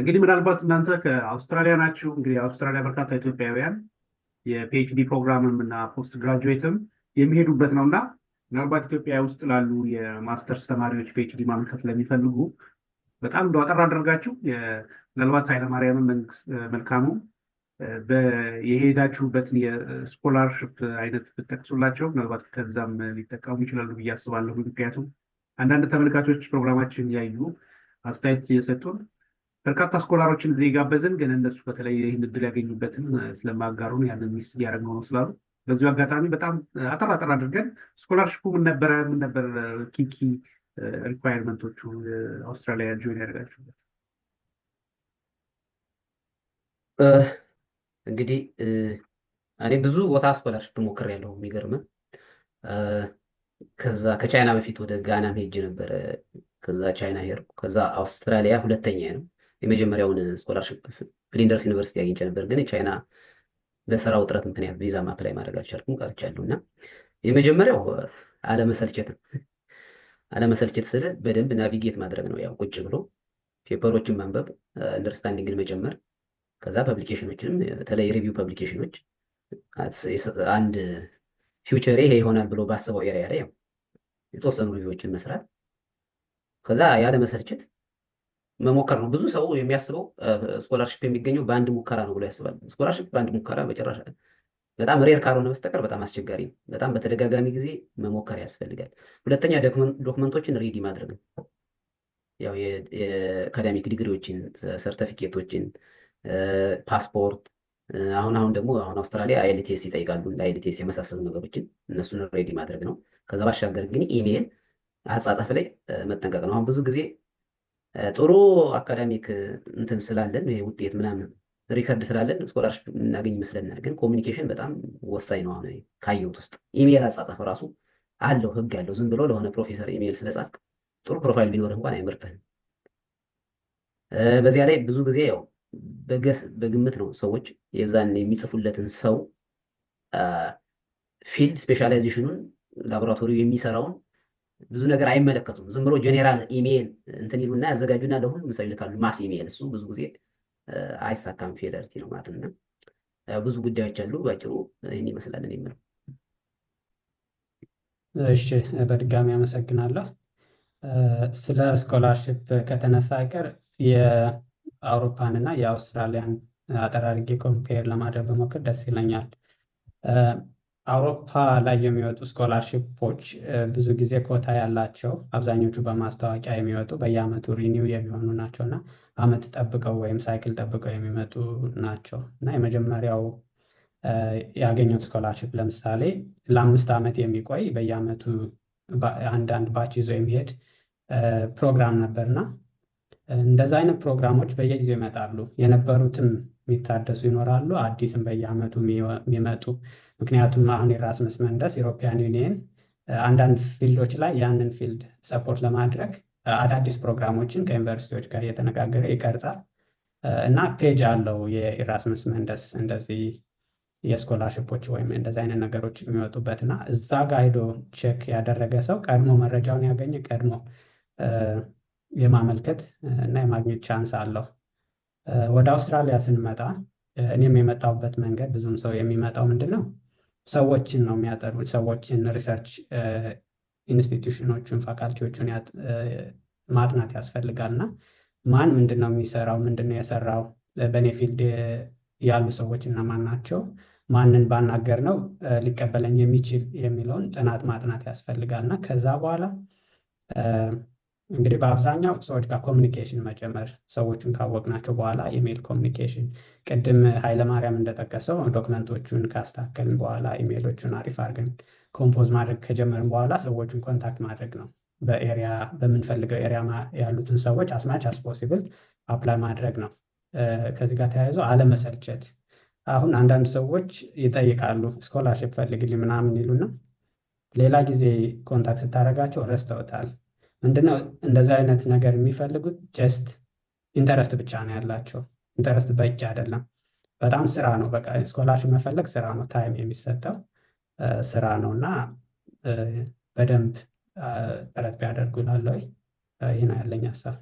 እንግዲህ ምናልባት እናንተ ከአውስትራሊያ ናችሁ። እንግዲህ አውስትራሊያ በርካታ ኢትዮጵያውያን የፒኤችዲ ፕሮግራምም እና ፖስት ግራጁዌትም የሚሄዱበት ነው እና ምናልባት ኢትዮጵያ ውስጥ ላሉ የማስተርስ ተማሪዎች ፒኤችዲ ማመልከት ለሚፈልጉ በጣም እንደ አጠር አደርጋችሁ ምናልባት ኃይለማርያምን መልካሙ የሄዳችሁበትን የስኮላርሽፕ አይነት ብጠቅሱላቸው ምናልባት ከዛም ሊጠቀሙ ይችላሉ ብዬ አስባለሁ። ምክንያቱም አንዳንድ ተመልካቾች ፕሮግራማችን ያዩ አስተያየት እየሰጡን በርካታ ስኮላሮችን እዚህ የጋበዝን ግን እነሱ በተለይ ይህን እድል ያገኙበትን ስለማጋሩን ያንን ሚስ እያደረግነው ነው ስላሉ በዚሁ አጋጣሚ በጣም አጠር አጠር አድርገን ስኮላርሽፑ ምን ነበረ ምን ነበር ኪንኪ ሪኳየርመንቶቹ አውስትራሊያ ጆይን ያደርጋችሁበት እንግዲህ እኔ ብዙ ቦታ ስኮላርሽፕ ያለው የሚገርምህ ከዛ ከቻይና በፊት ወደ ጋና ሄጅ ነበረ ከዛ ቻይና ሄድኩ ከዛ አውስትራሊያ ሁለተኛ ነው የመጀመሪያውን ስኮላርሽፕ ፍሊንደርስ ዩኒቨርሲቲ አግኝቼ ነበር፣ ግን የቻይና በስራ ውጥረት ምክንያት ቪዛ ማፕላይ ማድረግ አልቻልኩም ቀርቻለሁ። እና የመጀመሪያው አለመሰልቸት ነው። አለመሰልቸት ስለ በደንብ ናቪጌት ማድረግ ነው። ያው ቁጭ ብሎ ፔፐሮችን ማንበብ፣ አንደርስታንዲንግን መጀመር፣ ከዛ ፐብሊኬሽኖችንም በተለይ ሪቪው ፐብሊኬሽኖች አንድ ፊውቸር ይሄ ይሆናል ብሎ ባስበው ኤሪያ ላይ የተወሰኑ ሪቪዎችን መስራት ከዛ ያለመሰልቸት መሞከር ነው። ብዙ ሰው የሚያስበው ስኮላርሽፕ የሚገኘው በአንድ ሙከራ ነው ብሎ ያስባል። ስኮላርሽፕ በአንድ ሙከራ መጨረሻ በጣም ሬር ካልሆነ በስተቀር በጣም አስቸጋሪ ነው። በጣም በተደጋጋሚ ጊዜ መሞከር ያስፈልጋል። ሁለተኛ ዶክመንቶችን ሬዲ ማድረግ ነው። ያው የአካዳሚክ ዲግሪዎችን፣ ሰርተፊኬቶችን፣ ፓስፖርት አሁን አሁን ደግሞ አሁን አውስትራሊያ አይልቴስ ይጠይቃሉ። ለአይልቴስ የመሳሰሉ ነገሮችን እነሱን ሬዲ ማድረግ ነው። ከዛ ባሻገር ግን ኢሜይል አጻጻፍ ላይ መጠንቀቅ ነው። አሁን ብዙ ጊዜ ጥሩ አካዳሚክ እንትን ስላለን ወይ ውጤት ምናምን ሪከርድ ስላለን ስኮላርሽፕ የምናገኝ ይመስለናል። ግን ኮሚኒኬሽን በጣም ወሳኝ ነው። አሁን ካየሁት ውስጥ ኢሜይል አጻጻፍ ራሱ አለው ህግ ያለው። ዝም ብሎ ለሆነ ፕሮፌሰር ኢሜይል ስለጻፍክ ጥሩ ፕሮፋይል ቢኖር እንኳን አይመርጥህም። በዚያ ላይ ብዙ ጊዜ ያው በግምት ነው ሰዎች የዛን የሚጽፉለትን ሰው ፊልድ ስፔሻላይዜሽኑን ላቦራቶሪው የሚሰራውን ብዙ ነገር አይመለከቱም። ዝም ብሎ ጄኔራል ኢሜይል እንትን ይሉና ያዘጋጁና ለሁሉም ሰው ይልካሉ። ማስ ኢሜይል እሱ ብዙ ጊዜ አይሳካም። ፌደርቲ ነው ማለት እና ብዙ ጉዳዮች አሉ። ባጭሩ ይህን ይመስላል የምለው። እሺ በድጋሚ አመሰግናለሁ። ስለ ስኮላርሽፕ ከተነሳ አይቀር የአውሮፓን እና የአውስትራሊያን አጠራርጌ ኮምፔር ለማድረግ በሞክር ደስ ይለኛል። አውሮፓ ላይ የሚወጡ ስኮላርሽፖች ብዙ ጊዜ ኮታ ያላቸው አብዛኞቹ በማስታወቂያ የሚወጡ በየአመቱ ሪኒው የሚሆኑ ናቸው እና አመት ጠብቀው ወይም ሳይክል ጠብቀው የሚመጡ ናቸው እና የመጀመሪያው ያገኘው ስኮላርሽፕ ለምሳሌ ለአምስት ዓመት የሚቆይ በየአመቱ አንዳንድ ባች ይዞ የሚሄድ ፕሮግራም ነበርና እንደዚ አይነት ፕሮግራሞች በየጊዜው ይመጣሉ። የነበሩትም የሚታደሱ ይኖራሉ፣ አዲስም በየአመቱ የሚመጡ ምክንያቱም አሁን የራስመስ መንደስ ኢሮፒያን ዩኒየን አንዳንድ ፊልዶች ላይ ያንን ፊልድ ሰፖርት ለማድረግ አዳዲስ ፕሮግራሞችን ከዩኒቨርሲቲዎች ጋር እየተነጋገረ ይቀርጻል እና ፔጅ አለው የኢራስሙስ መንደስ እንደዚህ የስኮላርሽፖች ወይም እንደዚህ አይነት ነገሮች የሚወጡበት እና እዛ ጋር ቼክ ያደረገ ሰው ቀድሞ መረጃውን ያገኘ ቀድሞ የማመልከት እና የማግኘት ቻንስ አለው። ወደ አውስትራሊያ ስንመጣ እኔም የመጣሁበት መንገድ ብዙም ሰው የሚመጣው ምንድን ነው ሰዎችን ነው የሚያጠኑት። ሰዎችን ሪሰርች ኢንስቲትዩሽኖቹን ፋካልቲዎቹን ማጥናት ያስፈልጋል እና ማን ምንድን ነው የሚሰራው ምንድን ነው የሰራው በእኔ ፊልድ ያሉ ሰዎች እነማን ናቸው ማንን ባናገር ነው ሊቀበለኝ የሚችል የሚለውን ጥናት ማጥናት ያስፈልጋል እና ከዛ በኋላ እንግዲህ በአብዛኛው ሰዎች ጋር ኮሚኒኬሽን መጀመር ሰዎቹን ካወቅናቸው በኋላ ኢሜል ኮሚኒኬሽን፣ ቅድም ኃይለማርያም እንደጠቀሰው ዶክመንቶቹን ካስታከልን በኋላ ኢሜሎቹን አሪፍ አድርገን ኮምፖዝ ማድረግ ከጀመርን በኋላ ሰዎቹን ኮንታክት ማድረግ ነው። በኤሪያ በምንፈልገው ኤሪያ ያሉትን ሰዎች አስማች አስፖሲብል አፕላይ ማድረግ ነው። ከዚህ ጋር ተያይዞ አለመሰልቸት። አሁን አንዳንድ ሰዎች ይጠይቃሉ ስኮላርሽፕ ፈልግልኝ ምናምን ይሉና ሌላ ጊዜ ኮንታክት ስታደርጋቸው ረስተውታል። ምንድነው እንደዚህ አይነት ነገር የሚፈልጉት ጀስት ኢንተረስት ብቻ ነው ያላቸው። ኢንተረስት በቂ አይደለም። በጣም ስራ ነው። በቃ ስኮላርሽፕ መፈለግ ስራ ነው። ታይም የሚሰጠው ስራ ነው እና በደንብ ጥረት ቢያደርጉ ላለ። ይህን ያለኝ ሀሳብ።